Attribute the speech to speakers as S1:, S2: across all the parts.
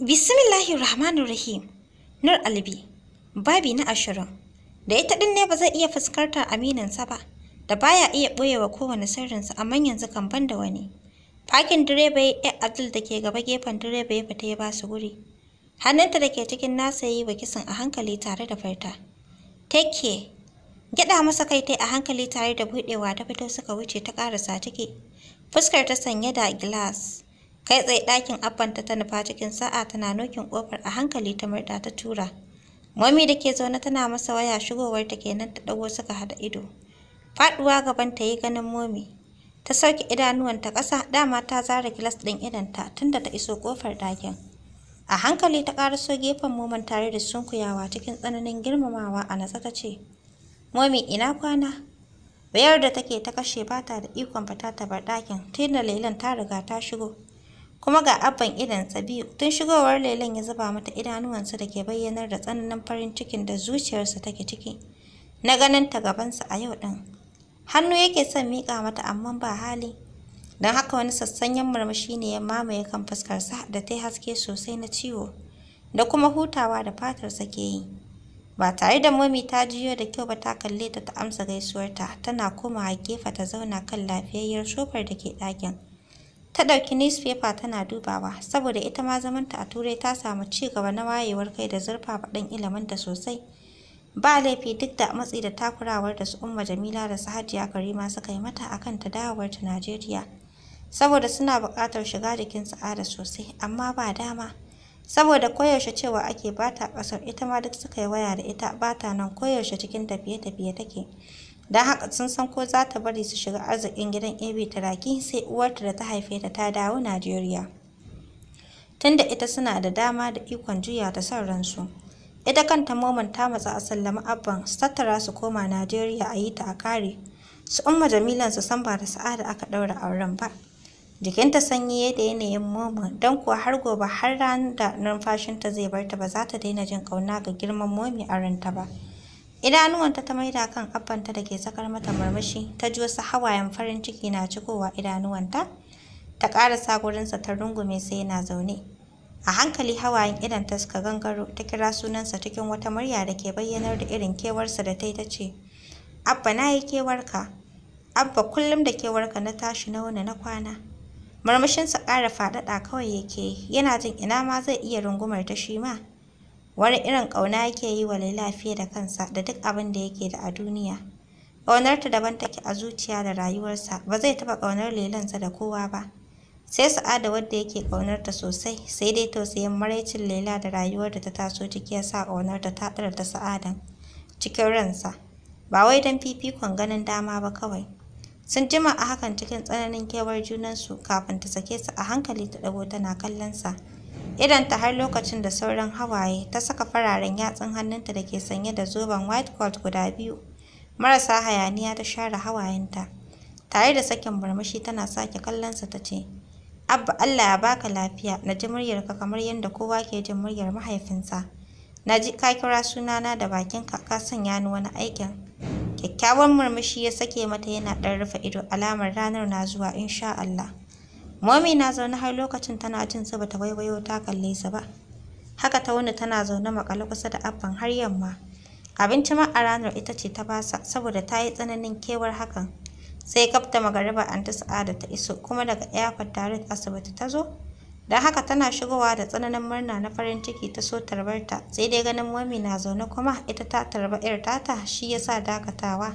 S1: Bismillahir Rahmanir Rahim. Nur Albi. Babi na ashirin. Da ita din ne ba zai iya fuskantar amininsa ba, da baya iya ɓoyewa kowane sirrinsa amma yanzu kan ban da wani. Fakin direba ya Abdul da ke gaba gefen direba ya fita ya ba su guri. Hannunta da ke cikin nasa ya yi wa kisan a hankali tare da farta. Take Gyaɗa masa kai tai a hankali tare da buɗewa ta fito suka wuce ta ƙarasa take Fuskar ta sanye da gilas. kai tsaye ɗakin abbanta ta nufa cikin sa'a tana nokin ƙofar a hankali ta murɗa ta tura mami da ke zaune tana masa waya shigowar ta kenan ta ɗago suka haɗa ido faɗuwa gaban ta yi ganin mami. ta sauke idanuwanta ƙasa dama ta zara gilas ɗin idanta tunda ta iso ƙofar ɗakin a hankali ta ƙaraso gefen moman tare da sunkuyawa cikin tsananin girmamawa a natsa ta ce Mami, ina kwana bayar da take ta kashe bata da ikon fita ta bar ɗakin tunda lailan ta riga ta shigo kuma ga abban idansa biyu tun shigowar lelen ya zuba mata idanuwansa da ke bayyanar da tsananin farin cikin da zuciyarsa take ciki na ganin ta gabansa a yau ɗin hannu yake son miƙa mata amma ba hali don haka wani sassanyen murmushi ne ya mamaye kan fuskarsa da ta haske sosai na ciwo da kuma hutawa da fatarsa ke yi ba tare da Mami ta jiyo da kyau ba ta kalle ta ta amsa gaisuwarta tana komawa gefe ta zauna kan lafiyayyar shofar da ke ɗakin ta ɗauki newspaper tana dubawa saboda ita ma zamanta a turai ta samu ci gaba na wayewar kai da zurfa ɗan iliminta sosai ba laifi duk da matsi da takurawar da su umma jamila da su ya karima suka yi mata akan ta dawowar ta najeriya saboda suna buƙatar shiga jikin sa'ada sosai amma ba dama saboda koyaushe cewa ake bata ƙasar ita ma duk suka yi waya da ita bata nan koyaushe cikin tafiye-tafiye take don haka sun san ko za ta bari su shiga arzikin gidan ab taraki sai uwarta da ta haife ta ta dawo najeriya da ita suna da dama da ikon juya ta son ransu ita kanta moman ta matsa a sallama abban su tattara su koma najeriya a yi ta a kare su umma jamilan su san ba da sa'ada aka ɗaura auren ba jikinta sanyi ya da yanayin moman don kuwa har gobe har ran da numfashinta zai bar ta ba za ta daina jin ƙauna ga girman momi a ranta ba Idanuwanta ta maida kan kafanta da ke sakar mata murmushi, ta ji wasu hawayen farin ciki na cikowa idanuwanta. Ta ƙarasa gurinsa ta rungume sai yana zaune. A hankali hawayen idan ta suka gangaro ta kira sunansa cikin wata murya da ke bayyanar da irin kewarsa da ta yi ta ce, Abba na yi kewarka, Abba kullum da kewarka na tashi na wani na kwana. Murmushinsa ƙara faɗaɗa kawai yake yana jin ina ma zai iya rungumar ta shi ma. wani irin ƙauna yake yi wa Laila fiye da kansa da duk abin da yake da a duniya. Ƙaunarta daban take a zuciya da rayuwarsa, ba zai taɓa ƙaunar lelansa da kowa ba. Sai Sa'ada wadda yake ƙaunarta sosai, sai dai tausayin maraicin lela da rayuwar da ta taso ciki ya sa ƙaunarta ta ɗara ta Sa'adan cikin ransa. Ba wai don fifikon ganin dama ba kawai. Sun jima a hakan cikin tsananin kewar junansu kafin ta sake su a hankali ta ɗago tana kallonsa. idonta har lokacin da sauran hawaye ta saka fararen yatsun hannunta da ke sanye da zoben white coat guda biyu marasa hayaniya ta share hawayenta tare da sakin murmushi tana sake kallonsa ta ce abba allah ya baka lafiya na ji muryarka kamar yadda kowa ke jin muryar mahaifinsa na ji ka kira sunana da bakin ka sanya ni wani aikin kyakkyawan murmushi ya sake mata yana ɗan rufe ido alamar ranar na zuwa insha Allah Momi na zaune har lokacin tana jin su bata waiwayo ta kalle su ba. Haka ta wani tana zaune makale kusa da abban har yamma. Abinci ma a ranar ita ce ta basa saboda ta yi tsananin kewar hakan. Sai kafta magariba Anta Sa'ada ta iso kuma daga airport direct asibiti ta zo. Don haka tana shigowa da tsananin murna na farin ciki ta so tarbarta sai dai ganin momi na zaune kuma ita ta tarba 'yar tata shi yasa dakatawa.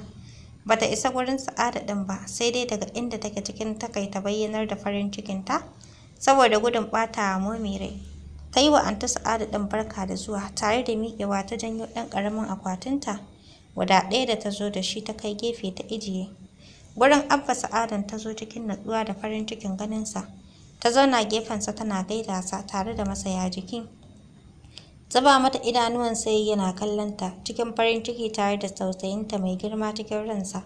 S1: bata isa gurin sa'ada ɗin ba sai dai daga inda take cikin takaita bayyanar da farin cikinta saboda gudun ɓata momi rai ta yi wa anta sa'ada ɗin barka da zuwa tare da miƙewa ta janyo ɗan ƙaramin akwatinta Wada ɗaya da ta zo da shi ta kai gefe ta ijiye gurin abba sa'adan ta zo cikin natsuwa da farin cikin ganinsa ta zauna gefensa tana gaida sa tare da masaya jiki Zaba mata idanuwan sai yana kallonta cikin farin ciki tare da tausayinta mai girma cikin ransa.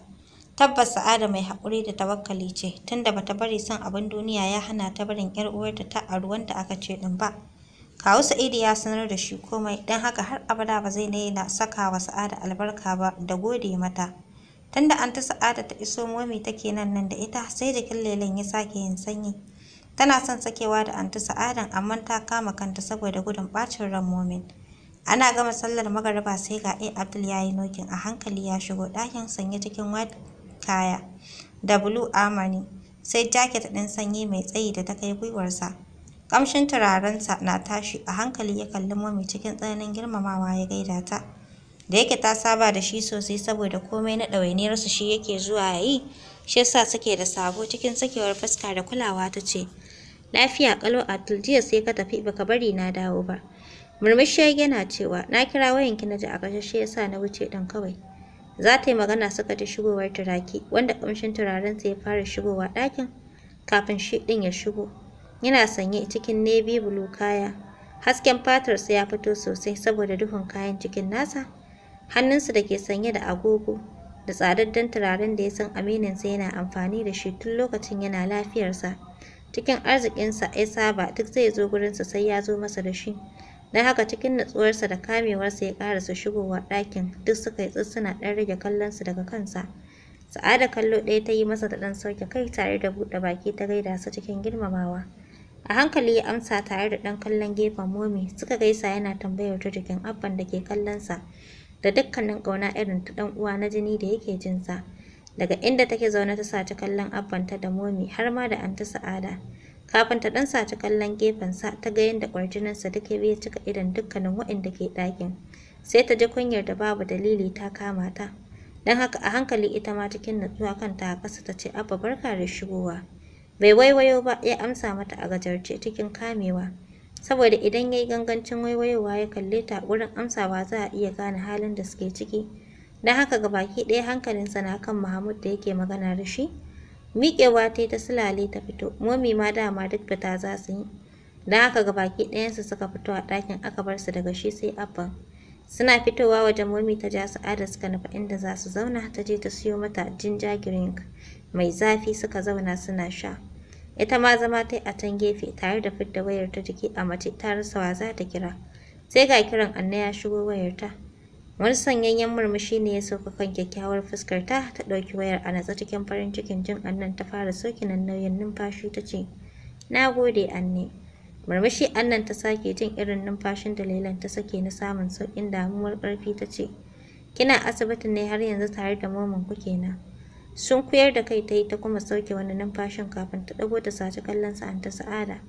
S1: Tabbas Sa'ada mai haƙuri da tawakkali ce, tunda bata bari son abin duniya ya hana ta barin 'yar uwarta ta a ruwan da aka ce din ba. Kawu Sa'idu ya sanar da shi komai, don haka har abada ba zai daina saka wa Sa'ada albarka ba da gode mata. Tunda an ta Sa'ada ta iso momi take nan nan da ita, sai jikin lelen ya sake yin sanyi. Tana son sakewa da anti sa'adan amma ta kama kanta saboda gudun bacin ran mumin. Ana gama sallar magariba sai ga A Abdul yayi nokin a hankali ya shigo ɗakin sanye cikin white kaya da blue amani sai jaket ɗin sanyi mai tsayi da ta kai gwiwarsa. Kamshin turarensa na tashi a hankali ya kalli momi cikin tsananin girmamawa ya gaida ta. Da yake ta saba da shi sosai saboda komai na ɗawainiyarsu shi yake zuwa ya yi, shi yasa suke da sabo cikin sakewar fuska da kulawa ta ce, Lafiya kalo Atul jiya sai ka tafi baka bari na dawo ba. Murmushi yana cewa na kira wayan na ji a kashe ya sa na wuce dan kawai. Za ta yi magana suka ji shigowar turaki wanda kamshin turaren turarensa ya fara shigowa ɗakin kafin shi ɗin ya shigo. Yana sanye cikin navy blue kaya. Hasken fatarsa ya fito sosai saboda duhun kayan cikin nasa. Hannunsa da ke sanye da agogo da tsadaddan turaren da ya san aminin sa yana amfani da shi tun lokacin yana lafiyarsa. cikin arzikinsa ya saba duk zai zo gurinsa sai ya zo masa da shi don haka cikin natsuwarsa da kamewarsa ya karasa shigowa ɗakin duk suka yi suna ɗan rage kallonsu daga kansa sa'ada kallo ɗaya ta yi masa da ɗan sauke kai tare da buɗe baki ta gaida su cikin girmamawa a hankali ya amsa tare da ɗan kallon gefen momi suka gaisa yana tambayar ta jikin abban da ke kallonsa da dukkanin ƙauna irin ta ɗan uwa na jini da yake jinsa. sa Daga inda take zaune ta saci kallon abbanta da momi har ma da anta sa'ada. Kafin ta ɗan saci kallon gefensa ta ga yadda ƙwarjininsa take ya cika idan dukkanin waɗanda ke ɗakin. Sai ta ji kunyar da babu dalili ta kama ta. Don haka a hankali ita ma cikin natsuwa kanta a ƙasa ta ce abba barka da shigowa. Bai waiwayo ba ya amsa mata a gajarce cikin kamewa. Saboda idan ya yi gangancin waiwayowa ya kalle ta wurin amsawa za a iya gane halin da suke ciki. Na haka ga gabaki ɗaya hankalinsa na kan Mahmud da yake magana da shi. Miƙewa ta ta sulale ta fito, momi ma dama duk fita za su yi. Don haka gabaki ɗayansu suka fito a ɗakin aka bar su daga shi sai abban. Suna fitowa wajen momi ta ja su ada suka nufa inda za su zauna ta je ta siyo mata ginger drink mai zafi suka zauna suna sha. Ita ma zama ta yi a can gefe tare da fidda wayar ta jiki a mace ta rasa wa za ta kira. Sai ga kiran Anna ya shigo wayarta. Wani sanyayyen murmushi ne ya sauka kan kyakkyawar fuskar ta ɗauki wayar a natsa cikin farin cikin jin annan ta fara soke nan nauyin numfashi ta ce, Na gode anne. Murmushi annan ta sake jin irin numfashin da Lailan ta sake na samun saukin damuwar ƙarfi ta ce, Kina asibitin ne har yanzu tare da momon ku kenan. Sun kuyar da kai ta yi ta kuma sauke wani numfashin kafin ta ɗago ta saci kallon ta sa'ada.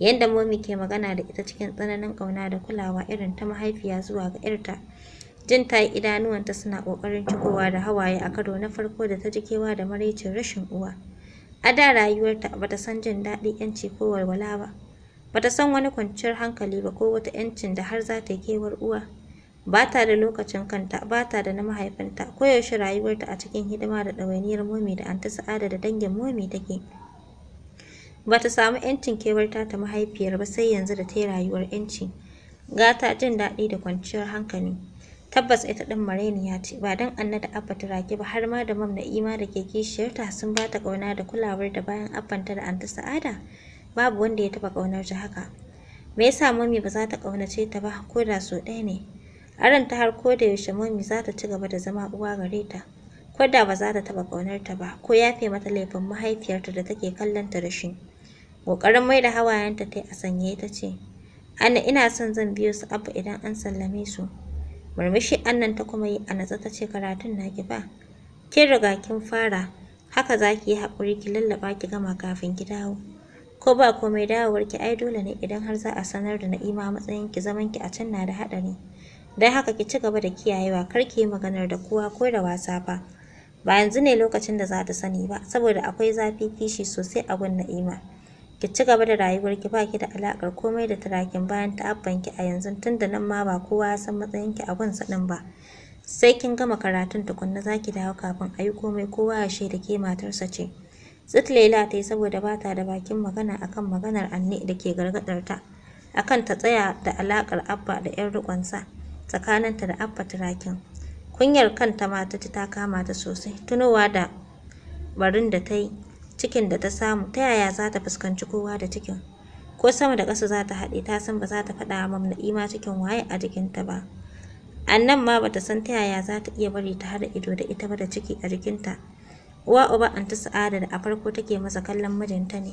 S1: Yanda momi ke magana da ita cikin tsananin ƙauna da kulawa irin ta mahaifiya zuwa ga irta Jin ta yi idanuwanta suna ƙoƙarin cikowa da hawaye a karo na farko da ta ji kewa da maraicin rashin uwa. A da rayuwarta ba ta san jin daɗi ‘yanci ko walwala ba. Ba ta san wani kwanciyar hankali ba ko wata ‘yancin da har za ta yi kewar uwa. Ba ta da lokacin kanta, ba ta da na mahaifinta, koyaushe rayuwarta a cikin hidima da ɗawainiyar momi da anti sa'ada da dangin momi take. Ba ta samu ‘yancin kewarta ta mahaifiyar ba sai yanzu da ta yi rayuwar ‘yanci. Gata jin daɗi da kwanciyar hankali. Tabbas ita ɗin Mareniya ce, ba don Anna da Abba ta rage ba har ma da Mam Na'ima da ke kishiyarta sun ba ta ƙauna da kulawar da bayan Abbanta da Anta Sa'ada babu wanda ya taɓa ƙaunar ta haka. Me yasa mami ba za ta ƙaunace ta ba ko da so ɗaya ne? Aron ta har ko da yaushe mami za ta ci gaba da zama uwa gare ta. Ko da ba za ta taɓa ƙaunar ta ba ko yafe mata laifin mahaifiyarta da take kallon ta da shi. Ƙoƙarin mai da hawayenta ta yi a sanye ta ce, Anna ina son zan biyo su Abba idan an sallame su. Murmushi Annan ta kuma yi a natse ta ce karatun naki ba. Kin riga kin fara, haka za ki yi haƙuri ki lallaɓa ki gama kafin ki dawo. Ko ba komai dawowar ki ai dole ne idan har za a sanar da Na'ima matsayin ki zaman ki a can na da haɗari. Don haka ki ci gaba da kiyayewa kar ki yi maganar da kowa ko da wasa fa. Ba yanzu ne lokacin da za ta sani ba saboda akwai zafi kishi sosai a gun Na'ima. ki ci gaba da rayuwarki ba ki da alaƙar komai da turakin bayan ta abbanki a yanzu tun da nan ma ba kowa ya san matsayin ki a gunsa ɗin ba sai kin gama karatun tukunna za ki dawo kafin a yi komai kowa ya shaida ke matarsa ce tsit laila ta yi saboda ba ta da bakin magana akan maganar anne da ke gargaɗar ta akan ta tsaya da alaƙar abba da 'yan riƙonsa tsakaninta da abba turakin kunyar kanta ma ta ta kama ta sosai tunowa da barin da ta yi cikin da ta samu ta yaya za ta fuskanci kowa da cikin ko sama da ƙasa za ta haɗe ta san ba za ta faɗa wa na'ima cikin waye a jikinta ba annan ma bata san ta yaya za ta iya bari ta haɗa ido da ita ba da ciki a jikinta uwa uba anta sa'ada da a farko take masa kallon mijinta ne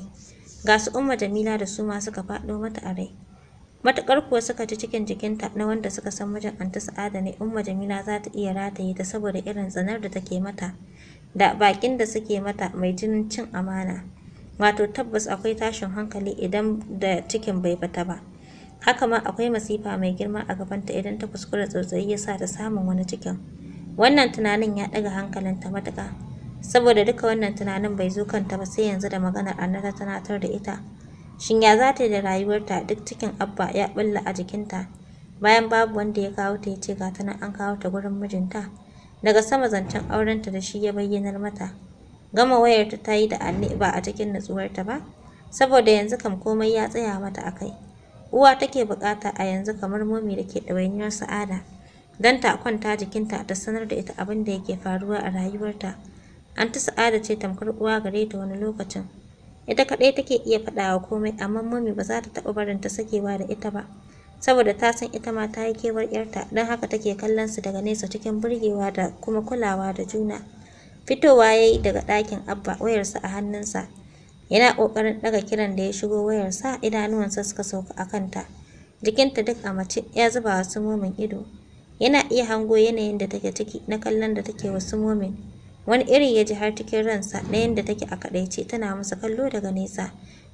S1: ga su umma jamila da su ma suka faɗo mata a rai matuƙar kuwa suka ci cikin jikinta na wanda suka san mijin anta sa'ada ne umma jamila za ta iya rataye ta saboda irin tsanar da take mata da baƙin da suke mata mai jinin cin amana wato tabbas akwai tashin hankali idan da cikin bai fita ba haka ma akwai masifa mai girma a gabanta idan ta kuskura tsautsayi ya sa ta samun wani cikin wannan tunanin ya ɗaga hankalinta matuƙa saboda duka wannan tunanin bai zo kanta ba sai yanzu da maganar anna ta tunatar da ita shin ya za ta yi da rayuwarta duk cikin abba ya ɓulla a jikinta bayan babu wanda ya kawo ta ya ce ga ta nan an kawo ta gurin mijinta Daga sama zancen aurenta da shi ya bayyanar mata. Gama wayarta ta yi da alli ba a cikin natsuwarta ba, saboda yanzu kam komai ya tsaya mata a kai. Uwa take bukata a yanzu kamar momi da ke ɗawainiyar sa'ada, don ta kwanta jikinta ta sanar da ita abin da yake faruwa a rayuwarta. ta sa'ada ce tamkar uwa gare ta wani lokacin. Ita kaɗai take iya faɗawa komai, amma momi ba za ta taɓa barin ta sakewa da ita ba. saboda ta san ita ma ta yi kewar ‘yarta don haka take kallon su daga nesa cikin burgewa da kuma kulawa da juna. Fitowa ya yi daga ɗakin Abba wayarsa a hannunsa. Yana ƙoƙarin ɗaga kiran da ya shigo wayarsa idanuwansa suka sauka a kanta. Jikinta duk a mace ya zuba wa momin ido. Yana iya hango yanayin da take ciki na kallon da take wa momin. Wani iri ya ji har cikin ransa na yadda take a kaɗaice tana masa kallo daga nesa.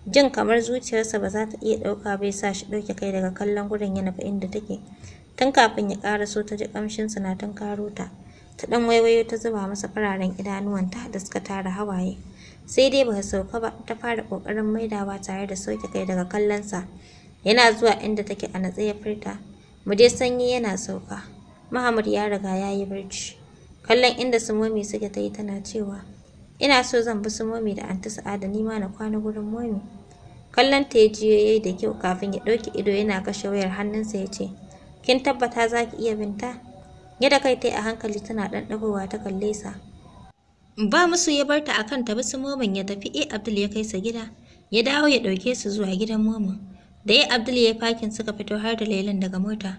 S1: Jin kamar zuciyarsa ba za ta iya ɗauka bai sa shi ɗauke kai daga kallon gurin ya nufi inda take. Tun kafin ya ƙara so ta ji ƙamshinsa na tunkaro ta. Ta ɗan waiwayo ta zuba masa fararen idanuwanta da suka tara hawaye. Sai dai ba sauka ba ta fara ƙoƙarin maidawa tare da sauke kai daga kallonsa. Yana zuwa inda take a natse ya furta. Mu je sanyi yana sauka. mahamud ya riga ya yi barci. Kallon inda sumomi suke ta yi tana cewa. Ina so zan bi su momi da anti sa'ada nima na kwana gurin momi. Kallon ta ya jiyo yayi da kyau kafin ya ɗauki ido yana kashe wayar hannunsa ya ce, Kin tabbata za ki iya binta? da kai ta a hankali tana ɗan ɗagowa ta kalle sa. Ba musu ya barta a kan tabi su momin ya tafi A eh, Abdul ya kai sa gida, ya dawo ya ɗauke su zuwa gidan momin. Da A eh, Abdul ya fakin suka fito har da lailan daga mota. A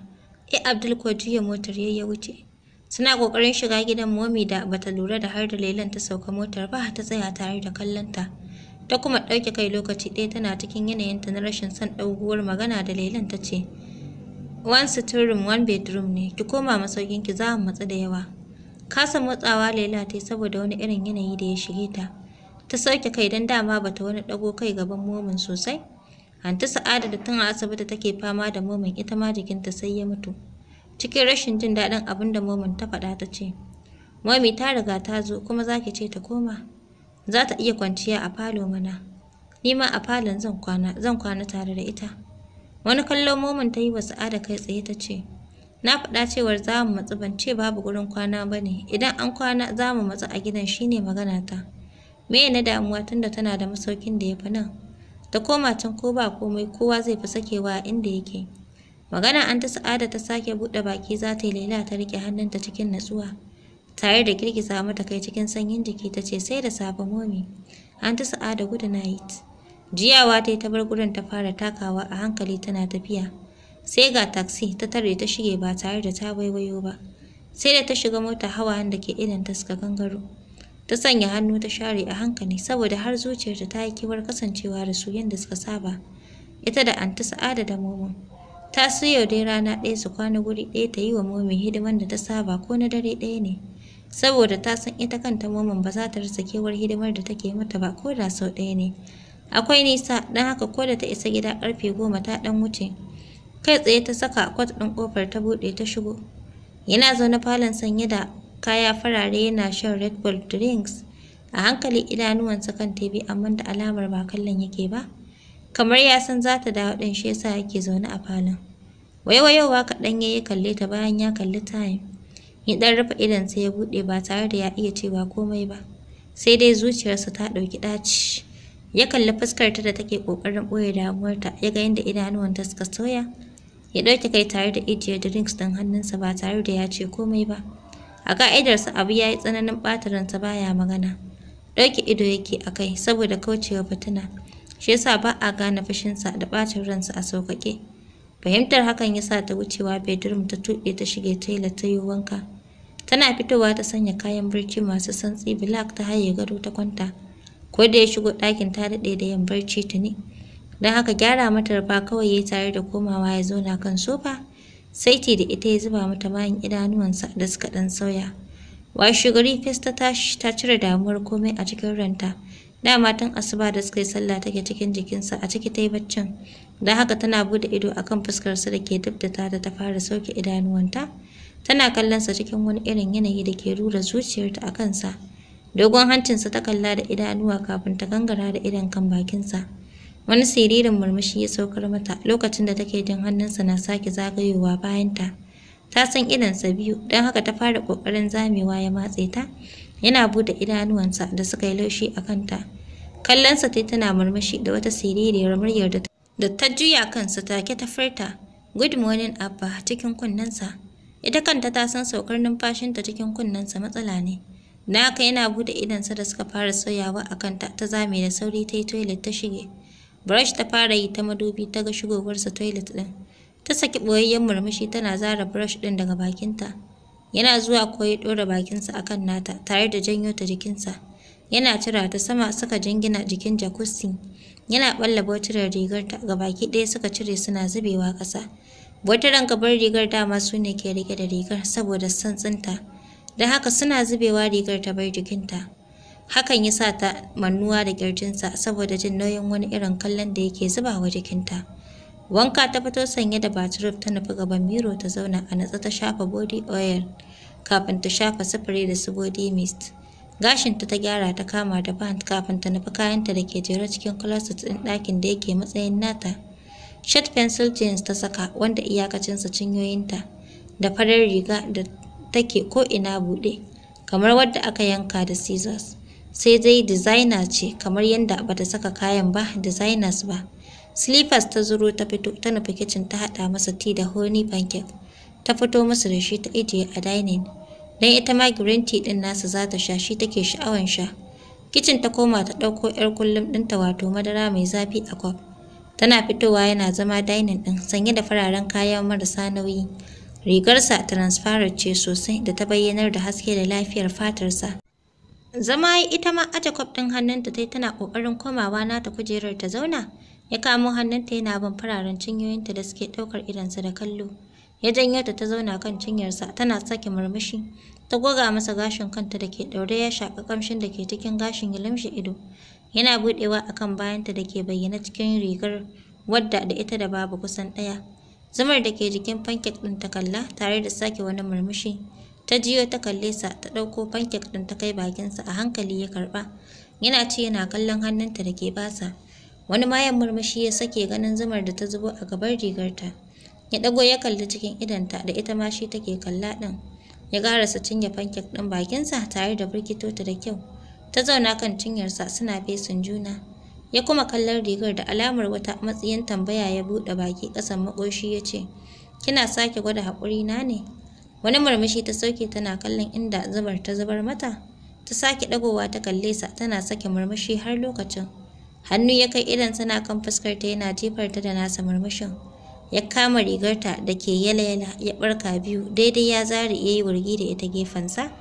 S1: eh, Abdul ko juya motar ya wuce. Suna ƙoƙarin shiga gidan momi da bata lura da har da Lailan ta sauka motar ba ta tsaya tare da kallon Ta ta kuma ɗauke kai lokaci ɗaya tana cikin yanayin ta na rashin son ɗauguwar magana da Lailan ta ce, One sitting room, one bedroom ne, ki koma masaukinki za mu matsu da yawa. Kasa motsawa Laila ta yi saboda wani irin yanayi da ya shige ta. Ta sauke kai don dama bata wani ɗago kai gaban momin sosai. Hanta Sa'ada da tun a asibiti take fama da momin ita ma jikinta sai ya mutu. Cikin rashin jin daɗin abin da Momin ta faɗa ta ce, Momi ta riga ta zo kuma za ki ce ta koma. Za ta iya kwanciya a falo mana. Ni ma a falon zan kwana, zan kwana tare da ita. Wani kallo Momin ta yi wa Sa'ada kai tsaye ta ce, Na faɗa cewar za mu matsu ban ce babu gurin kwana ba ne, idan an kwana za mu matsu a gidan shi ne magana ta. Me na damuwa tunda tana da masaukin da ya fi nan? Ta koma can ko ba komai kowa zai fi sakewa a inda yake. Magana an ta sa'ada ta sake buɗe baki za ta yi Laila ta riƙe hannunta cikin natsuwa. Tare da girgiza mata kai cikin sanyin jiki ta ce sai da safe momi. An ta sa'ada gudu na yi. Jiyawa ta yi ta bar gurin ta fara takawa a hankali tana tafiya. Sai ga taxi ta tare ta shige ba tare da ta waiwayo ba. Sai da ta shiga mota hawa da ke ta suka gangaro. Ta sanya hannu ta share a hankali saboda har zuciyarta ta yi kiwar kasancewa da su yadda suka saba. Ita da Anta Sa'ada da Momo. Ta suyo dai rana ɗaya su kwana guri ɗaya ta yi wa momi hidiman da ta saba ko na dare ɗaya ne. Saboda ta san ita kanta momin ba za ta rasa kewar hidimar da take mata ba ko da sau ɗaya ne. Akwai nisa don haka ko da ta isa gida ƙarfe goma ta ɗan wuce. Kai tsaye ta saka kwat ɗin ƙofar ta buɗe ta shigo. Yana zaune falon sanye da kaya farare yana shan Red Bull drinks. A hankali idanuwansa kan TV amma da alamar ba kallon yake ba. Kamar ya san za ta dawo ɗin shi yasa yake zaune a falon. Waiwayowa kaɗan ya yi kalle ta bayan ya kalli tayin. Ya ɗan rufe idonsa ya buɗe ba tare da ya iya cewa komai ba. Sai dai zuciyarsa ta ɗauki ɗaci. Ya kalli fuskarta da take ƙoƙarin ɓoye damuwarta, ya ga yadda idanuwanta suka soya. Ya ɗauke kai tare da ijiye drinks ɗin hannunsa ba tare da ya ce komai ba. A ka'idarsa abu ya yi tsananin ɓata ransa baya magana. Ɗauke ido yake a kai saboda kaucewa fitina. Shi yasa ba a gane fushinsa da ɓacin ransa a sauƙaƙe. Fahimtar hakan ya sa ta wucewa bedroom ta tuɗe ta shige taila ta yi wanka. Tana fitowa ta sanya kayan barci masu santsi black ta haye gado ta kwanta. Ko da ya shigo ɗakin ta daɗe da yin barci ta ne Don haka gyara mata rufa kawai ya tare da komawa ya zauna kan sofa. Saiti da ita ya zuba mata bayan idanuwansa da suka ɗan sauya. Washe gari fes ta tashi ta cire damuwar komai a cikin ranta. dama tun asuba da suka yi sallah take cikin jikinsa a ciki ta yi baccin Don haka tana bude ido a kan fuskarsa da ke duk da tata ta fara sauke idanuwanta tana kallonsa cikin wani irin yanayi da ke rura zuciyarta a kansa dogon hancinsa ta kalla da idanuwa kafin ta gangara da idon kan bakinsa wani siririn murmushi ya saukar mata lokacin da take jin hannunsa na sake zagayowa bayanta ta san idansa biyu don haka ta fara ƙoƙarin zamewa ya matse ta yana buɗe idanuwansa da suka yi laushi a kanta. Kallonsa tai tana murmushi da wata siririyar muryar da ta juya kansa take ta furta. Good morning Abba cikin kunnensa. Ita kanta ta san saukar numfashinta cikin kunnensa matsala ne. na haka yana buɗe idansa da suka fara soyawa a kanta ta zame da sauri ta yi toilet ta shige. Brush ta fara yi ta madubi ta ga shigowarsa toilet ɗin. Ta saki ɓoyayyen murmushi tana zara brush ɗin daga bakinta. Yana zuwa ko ya ɗora bakinsa a kan nata tare da janyo ta jikinsa. Yana cira ta sama suka jingina jikin jakusi. Yana ɓalla botirar rigarta ga baki ɗaya suka cire suna zubewa ƙasa. Botiran gabar rigar dama su ne ke riƙe da rigar saboda santsinta. Don haka suna zubewa rigar ta bar jikinta. Hakan ya sa ta mannuwa da ƙirjinsa saboda jin nauyin wani irin kallon da yake zubawa jikinta. Wanka ta fito sanye da baturuf ta nufi gaban miro ta zauna a natsa ta shafa body oil kafin ta shafa sufuri da su body mist. Gashinta ta gyara ta kama da band kafin ta nufi kayanta da ke jere cikin closet ɗin ɗakin da yake matsayin nata. Shirt pencil jeans ta saka wanda iyakacinsa cinyoyinta da farar riga da take ina buɗe kamar wadda aka yanka da scissors. Sai dai designer ce kamar yadda bata saka kayan ba designers ba. Slippers ta zuro ta fito ta nufi kicin ta haɗa masa tea da honey pancake. Ta fito masa da shi ta ijiye a dining. Dan ita ma green tea ɗin nasa za ta sha shi take sha'awan sha. Kicin ta koma ta ɗauko 'yar kullum ɗinta wato madara mai zafi a kwaf. Tana fitowa yana zama dining ɗin sanye da fararen kaya marasa nauyi. Rigarsa transparent ce sosai da ta bayyanar da haske da lafiyar fatarsa. Zama ita ma aje kwaf ɗin hannunta tai tana ƙoƙarin komawa nata kujerar ta zauna. Ya kamo hannunta yana bin fararen cinyoyinta da suke ɗaukar idonsa da kallo. Ya janyo ta ta zauna kan cinyarsa tana sake murmushi. Ta goga masa gashin kanta da ke ɗaure ya shaƙa ƙamshin da ke cikin gashin ya lumshi ido. Yana buɗewa a kan bayanta da ke bayyana cikin rigar wadda da ita da babu kusan ɗaya. Zumar da ke jikin pankek ɗin ta kalla tare da sake wani murmushi. Ta jiyo ta kalle sa ta ɗauko pankek ɗin ta kai bakinsa a hankali ya karɓa. Yana ci yana kallon hannunta da ke basa. wani mayan murmushi ya sake ganin zumar da ta zubo a gabar rigarta ya ɗago ya kalli cikin idanta da ita ma shi take kalla ɗin ya ƙarasa cinye fankek ɗin bakinsa tare da birkito ta da kyau ta zauna kan cinyarsa suna fesin juna ya kuma kallon rigar da alamar wata matsayin tambaya ya buɗe baki ƙasan makoshi ya ce kina sake gwada haƙuri na ne wani murmushi ta sauke tana kallon inda zubar ta zubar mata ta sake ɗagowa ta kalle sa tana sake murmushi har lokacin hannu ya kai idan tana kan fuskar ta yana jifar ta da nasa murmushin ya kama rigarta da ke yala-yala ya barka biyu daidai ya zari ya yi wurgi da ita gefensa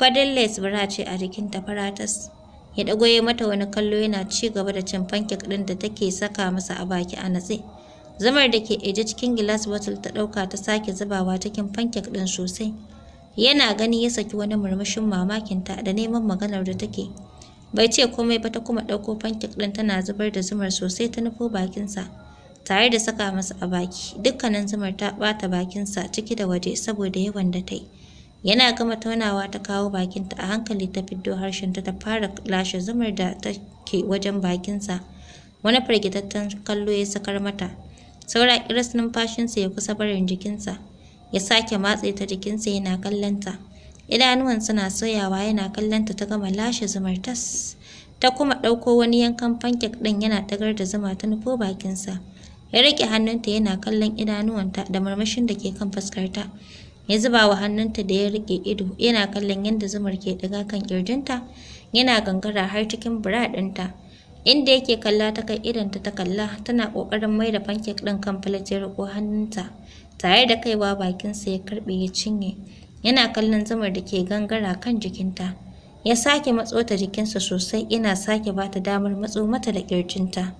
S1: fadin lace ce a jikin tafaratas ya dago ya mata wani kallo yana ci gaba da cin pancake din da take saka masa a baki a natse zamar da ke eje cikin glass bottle ta dauka ta sake zubawa cikin pancake din sosai yana gani ya saki wani murmushin mamakinta da neman maganar da take bai ce komai ba ta kuma ɗauko fankik ɗin tana zubar da zumar sosai ta nufo bakinsa tare da saka masa a baki dukkanin zumar ta bata bakinsa ciki da waje saboda yawan da ta yi yana gama taunawa ta kawo bakinta a hankali ta fiddo harshen ta ta fara lashe zumar da take wajen bakinsa wani firgitattun kallo ya sakar mata saura kiris numfashinsa ya kusa barin jikinsa ya sake matse ta jikinsa yana kallonta idanuwan suna soyawa yana kallon ta ta gama lashe zumar tas ta kuma ɗauko wani yankan pancake ɗin yana ɗagar da zuma ta nufo bakinsa ya rike hannunta yana kallon idanuwanta da murmushin da ke kan fuskarta ya zuba wa hannunta da ya riƙe ido yana kallon yanda zumar ke ɗiga kan ƙirjinta yana gangara har cikin bura ɗinta inda yake kalla ta kai idonta ta kalla tana ƙoƙarin mai da pancake ɗin kan plate ya riƙo hannunta tare da kaiwa bakinsa ya karɓe ya cinye yana kallon zamar da ke gangara kan jikinta ya sake matso ta jikinsa sosai yana sake ba ta damar matso mata da ƙirjinta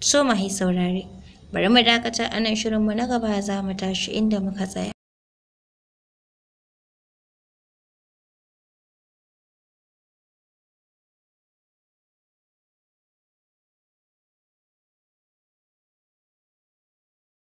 S1: so mahi saurare bari mu dakata anan shirinmu na gaba za mu tashi inda muka tsaya